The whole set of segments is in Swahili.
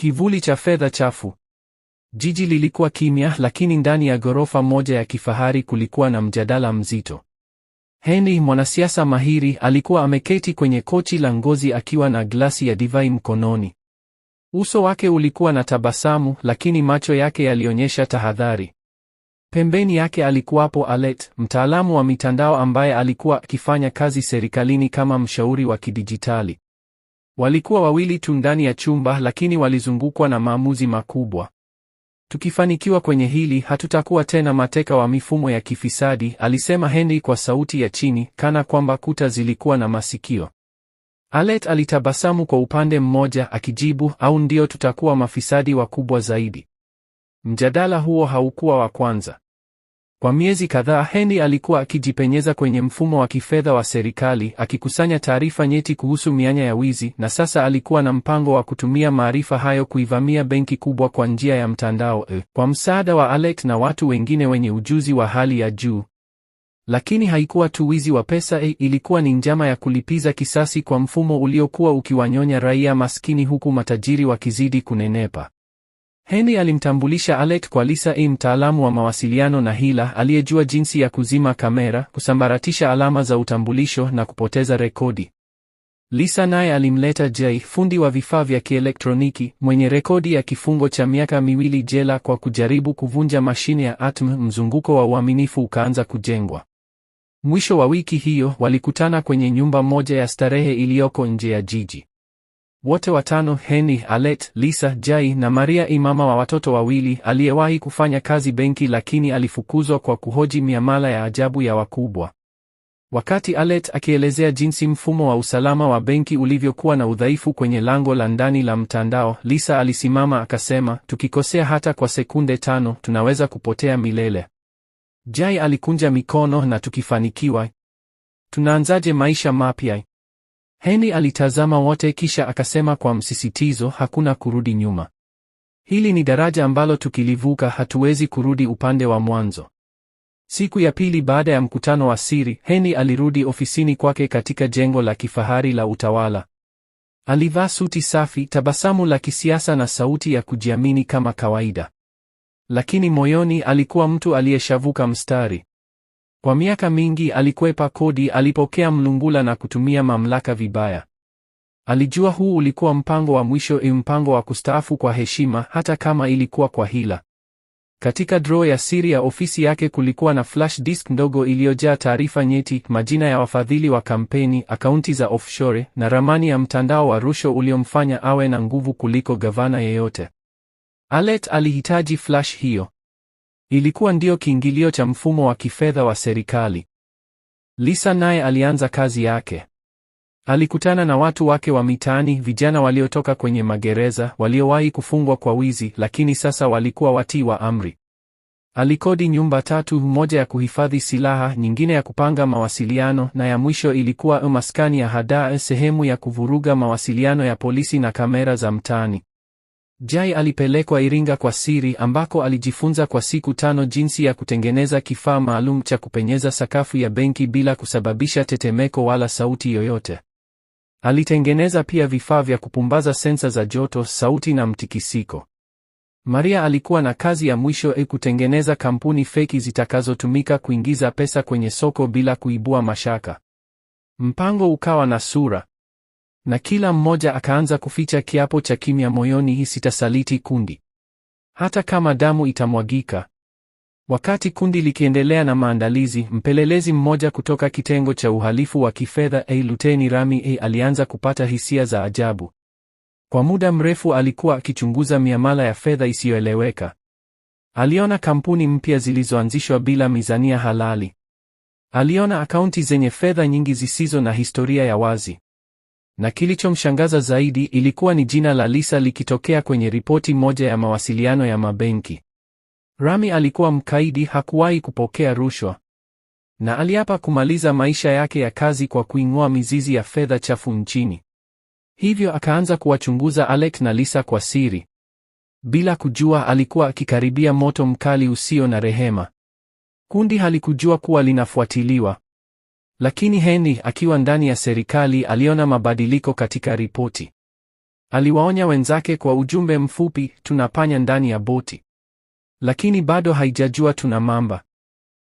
Kivuli cha fedha chafu. Jiji lilikuwa kimya, lakini ndani ya ghorofa moja ya kifahari kulikuwa na mjadala mzito. Henry, mwanasiasa mahiri, alikuwa ameketi kwenye kochi la ngozi akiwa na glasi ya divai mkononi. Uso wake ulikuwa na tabasamu, lakini macho yake yalionyesha tahadhari. Pembeni yake alikuwapo Alet, mtaalamu wa mitandao ambaye alikuwa akifanya kazi serikalini kama mshauri wa kidijitali. Walikuwa wawili tu ndani ya chumba, lakini walizungukwa na maamuzi makubwa. Tukifanikiwa kwenye hili, hatutakuwa tena mateka wa mifumo ya kifisadi, alisema Henry kwa sauti ya chini, kana kwamba kuta zilikuwa na masikio. Alet alitabasamu kwa upande mmoja akijibu, au ndio tutakuwa mafisadi wakubwa zaidi. Mjadala huo haukuwa wa kwanza. Kwa miezi kadhaa Henry alikuwa akijipenyeza kwenye mfumo wa kifedha wa serikali, akikusanya taarifa nyeti kuhusu mianya ya wizi, na sasa alikuwa na mpango wa kutumia maarifa hayo kuivamia benki kubwa kwa njia ya mtandao, eh, kwa msaada wa Alex na watu wengine wenye ujuzi wa hali ya juu. Lakini haikuwa tu wizi wa pesa, eh, ilikuwa ni njama ya kulipiza kisasi kwa mfumo uliokuwa ukiwanyonya raia maskini huku matajiri wakizidi kunenepa. Henry alimtambulisha Alec kwa Lisa E, mtaalamu wa mawasiliano na hila aliyejua jinsi ya kuzima kamera, kusambaratisha alama za utambulisho na kupoteza rekodi. Lisa naye alimleta Jay, fundi wa vifaa vya kielektroniki mwenye rekodi ya kifungo cha miaka miwili jela kwa kujaribu kuvunja mashine ya ATM. Mzunguko wa uaminifu ukaanza kujengwa. Mwisho wa wiki hiyo walikutana kwenye nyumba moja ya starehe iliyoko nje ya jiji. Wote watano Henny, Alet, Lisa, Jai na Maria I mama wa watoto wawili aliyewahi kufanya kazi benki lakini alifukuzwa kwa kuhoji miamala ya ajabu ya wakubwa. Wakati Alet akielezea jinsi mfumo wa usalama wa benki ulivyokuwa na udhaifu kwenye lango la ndani la mtandao, Lisa alisimama akasema, tukikosea hata kwa sekunde tano tunaweza kupotea milele. Jai alikunja mikono na tukifanikiwa, tunaanzaje maisha mapya? Henry alitazama wote kisha akasema kwa msisitizo, hakuna kurudi nyuma. Hili ni daraja ambalo tukilivuka hatuwezi kurudi upande wa mwanzo. Siku ya pili baada ya mkutano wa siri, Henry alirudi ofisini kwake katika jengo la kifahari la utawala. Alivaa suti safi, tabasamu la kisiasa na sauti ya kujiamini kama kawaida. Lakini moyoni alikuwa mtu aliyeshavuka mstari. Kwa miaka mingi alikwepa kodi, alipokea mlungula na kutumia mamlaka vibaya. Alijua huu ulikuwa mpango wa mwisho, i mpango wa kustaafu kwa heshima, hata kama ilikuwa kwa hila. Katika draw ya siri ya ofisi yake kulikuwa na flash disk ndogo iliyojaa taarifa nyeti, majina ya wafadhili wa kampeni, akaunti za offshore na ramani ya mtandao wa rushwa uliomfanya awe na nguvu kuliko gavana yeyote. Alet alihitaji flash hiyo. Ilikuwa ndio kiingilio cha mfumo wa kifedha wa serikali. Lisa naye alianza kazi yake. Alikutana na watu wake wa mitaani, vijana waliotoka kwenye magereza, waliowahi kufungwa kwa wizi, lakini sasa walikuwa watii wa amri. Alikodi nyumba tatu, moja ya kuhifadhi silaha, nyingine ya kupanga mawasiliano, na ya mwisho ilikuwa maskani ya hadaa, sehemu ya kuvuruga mawasiliano ya polisi na kamera za mtaani. Jai alipelekwa Iringa kwa siri ambako alijifunza kwa siku tano jinsi ya kutengeneza kifaa maalum cha kupenyeza sakafu ya benki bila kusababisha tetemeko wala sauti yoyote. Alitengeneza pia vifaa vya kupumbaza sensa za joto, sauti na mtikisiko. Maria alikuwa na kazi ya mwisho e, kutengeneza kampuni feki zitakazotumika kuingiza pesa kwenye soko bila kuibua mashaka. Mpango ukawa na sura na kila mmoja akaanza kuficha kiapo cha kimya moyoni, sitasaliti kundi hata kama damu itamwagika. Wakati kundi likiendelea na maandalizi, mpelelezi mmoja kutoka kitengo cha uhalifu wa kifedha a Luteni Rami a alianza kupata hisia za ajabu. Kwa muda mrefu alikuwa akichunguza miamala ya fedha isiyoeleweka. Aliona kampuni mpya zilizoanzishwa bila mizania halali. Aliona akaunti zenye fedha nyingi zisizo na historia ya wazi. Na kilichomshangaza zaidi ilikuwa ni jina la Lisa likitokea kwenye ripoti moja ya mawasiliano ya mabenki. Rami alikuwa mkaidi, hakuwahi kupokea rushwa na aliapa kumaliza maisha yake ya kazi kwa kuing'oa mizizi ya fedha chafu nchini. Hivyo akaanza kuwachunguza Alex na Lisa kwa siri. Bila kujua alikuwa akikaribia moto mkali usio na rehema. Kundi halikujua kuwa linafuatiliwa. Lakini Henry akiwa ndani ya serikali aliona mabadiliko katika ripoti. Aliwaonya wenzake kwa ujumbe mfupi, tunapanya ndani ya boti, lakini bado haijajua tuna mamba.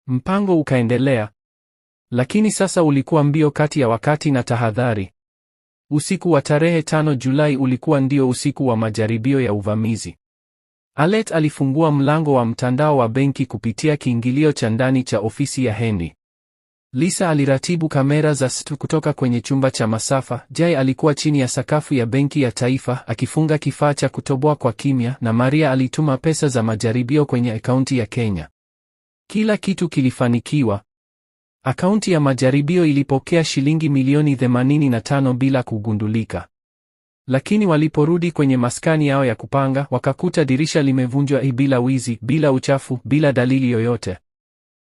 Mpango ukaendelea, lakini sasa ulikuwa mbio kati ya wakati na tahadhari. Usiku wa tarehe tano Julai ulikuwa ndio usiku wa majaribio ya uvamizi. Alet alifungua mlango wa mtandao wa benki kupitia kiingilio cha ndani cha ofisi ya Henry. Lisa aliratibu kamera za situ kutoka kwenye chumba cha masafa. Jai alikuwa chini ya sakafu ya Benki ya Taifa akifunga kifaa cha kutoboa kwa kimya, na Maria alituma pesa za majaribio kwenye akaunti ya Kenya. Kila kitu kilifanikiwa. Akaunti ya majaribio ilipokea shilingi milioni 85 bila kugundulika. Lakini waliporudi kwenye maskani yao ya kupanga, wakakuta dirisha limevunjwa bila wizi, bila uchafu, bila dalili yoyote.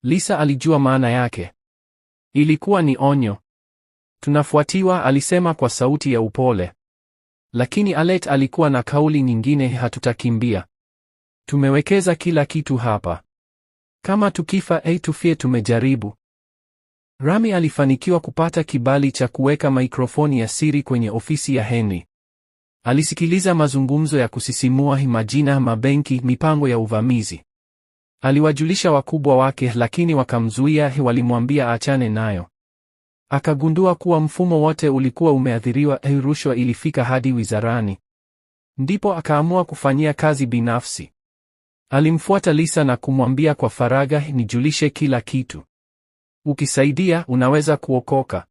Lisa alijua maana yake. Ilikuwa ni onyo. Tunafuatiwa, alisema kwa sauti ya upole. Lakini Alet alikuwa na kauli nyingine, hatutakimbia. Tumewekeza kila kitu hapa. Kama tukifa, ei, tufie, tumejaribu. Rami alifanikiwa kupata kibali cha kuweka mikrofoni ya siri kwenye ofisi ya Henry. Alisikiliza mazungumzo ya kusisimua, majina, mabenki, mipango ya uvamizi. Aliwajulisha wakubwa wake, lakini wakamzuia, walimwambia aachane nayo. Akagundua kuwa mfumo wote ulikuwa umeathiriwa. Rushwa ilifika hadi wizarani. Ndipo akaamua kufanyia kazi binafsi. Alimfuata Lisa na kumwambia kwa faragha, nijulishe kila kitu. Ukisaidia unaweza kuokoka,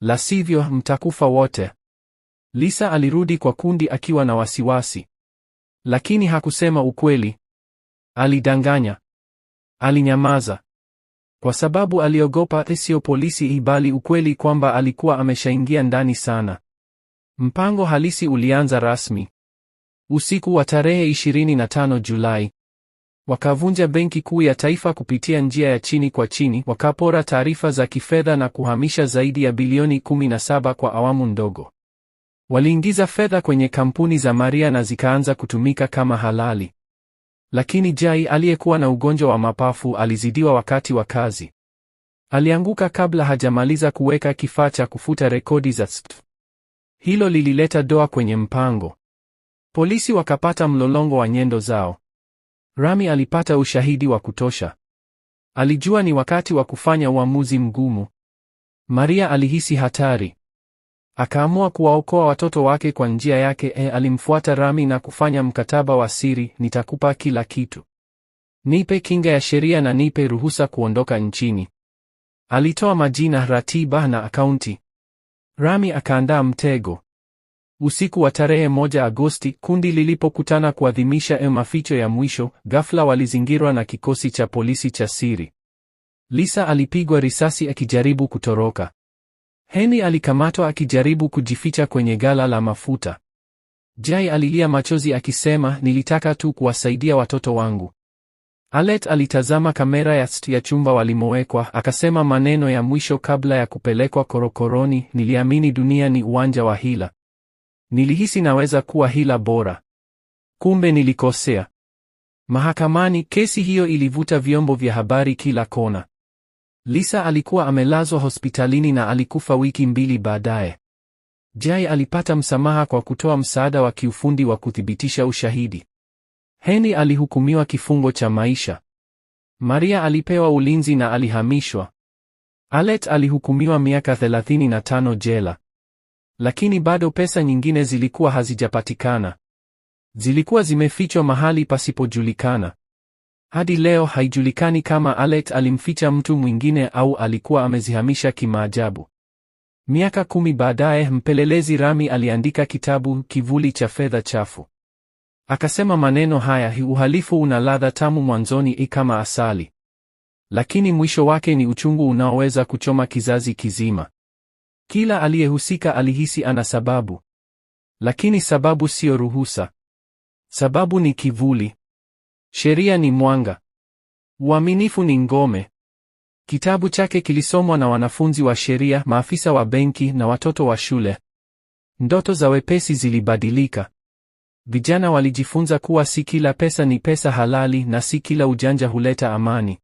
la sivyo mtakufa wote. Lisa alirudi kwa kundi akiwa na wasiwasi, lakini hakusema ukweli. Alidanganya. Alinyamaza kwa sababu aliogopa, sio polisi, ibali ukweli kwamba alikuwa ameshaingia ndani sana. Mpango halisi ulianza rasmi usiku wa tarehe 25 Julai. Wakavunja benki kuu ya taifa kupitia njia ya chini kwa chini, wakapora taarifa za kifedha na kuhamisha zaidi ya bilioni 17 kwa awamu ndogo. Waliingiza fedha kwenye kampuni za Maria na zikaanza kutumika kama halali. Lakini Jai aliyekuwa na ugonjwa wa mapafu alizidiwa wakati wa kazi. Alianguka kabla hajamaliza kuweka kifaa cha kufuta rekodi za st. Hilo lilileta doa kwenye mpango. Polisi wakapata mlolongo wa nyendo zao. Rami alipata ushahidi wa kutosha. Alijua ni wakati wa kufanya uamuzi mgumu. Maria alihisi hatari. Akaamua kuwaokoa watoto wake kwa njia yake. E, alimfuata Rami na kufanya mkataba wa siri, nitakupa kila kitu, nipe kinga ya sheria na nipe ruhusa kuondoka nchini. Alitoa majina, ratiba na akaunti. Rami akaandaa mtego. Usiku wa tarehe moja Agosti, kundi lilipokutana kuadhimisha e, maficho ya mwisho, ghafla walizingirwa na kikosi cha polisi cha siri. Lisa alipigwa risasi akijaribu kutoroka. Henry alikamatwa akijaribu kujificha kwenye gala la mafuta. Jai alilia machozi akisema, nilitaka tu kuwasaidia watoto wangu. Alet alitazama kamera ya st ya chumba walimowekwa, akasema maneno ya mwisho kabla ya kupelekwa korokoroni, niliamini dunia ni uwanja wa hila. Nilihisi naweza kuwa hila bora. Kumbe nilikosea. Mahakamani, kesi hiyo ilivuta vyombo vya habari kila kona. Lisa alikuwa amelazwa hospitalini na alikufa wiki mbili baadaye. Jai alipata msamaha kwa kutoa msaada wa kiufundi wa kuthibitisha ushahidi. Heni alihukumiwa kifungo cha maisha. Maria alipewa ulinzi na alihamishwa. Alet alihukumiwa miaka 35 jela. Lakini bado pesa nyingine zilikuwa hazijapatikana. Zilikuwa zimefichwa mahali pasipojulikana. Hadi leo haijulikani kama Alet alimficha mtu mwingine au alikuwa amezihamisha kimaajabu. Miaka kumi baadaye, mpelelezi Rami aliandika kitabu Kivuli cha Fedha Chafu. Akasema maneno haya, uhalifu una ladha tamu mwanzoni, i kama asali, lakini mwisho wake ni uchungu unaoweza kuchoma kizazi kizima. Kila aliyehusika alihisi ana sababu, lakini sababu siyo ruhusa. Sababu ni kivuli. Sheria ni mwanga, uaminifu ni ngome. Kitabu chake kilisomwa na wanafunzi wa sheria, maafisa wa benki na watoto wa shule. Ndoto za wepesi zilibadilika. Vijana walijifunza kuwa si kila pesa ni pesa halali na si kila ujanja huleta amani.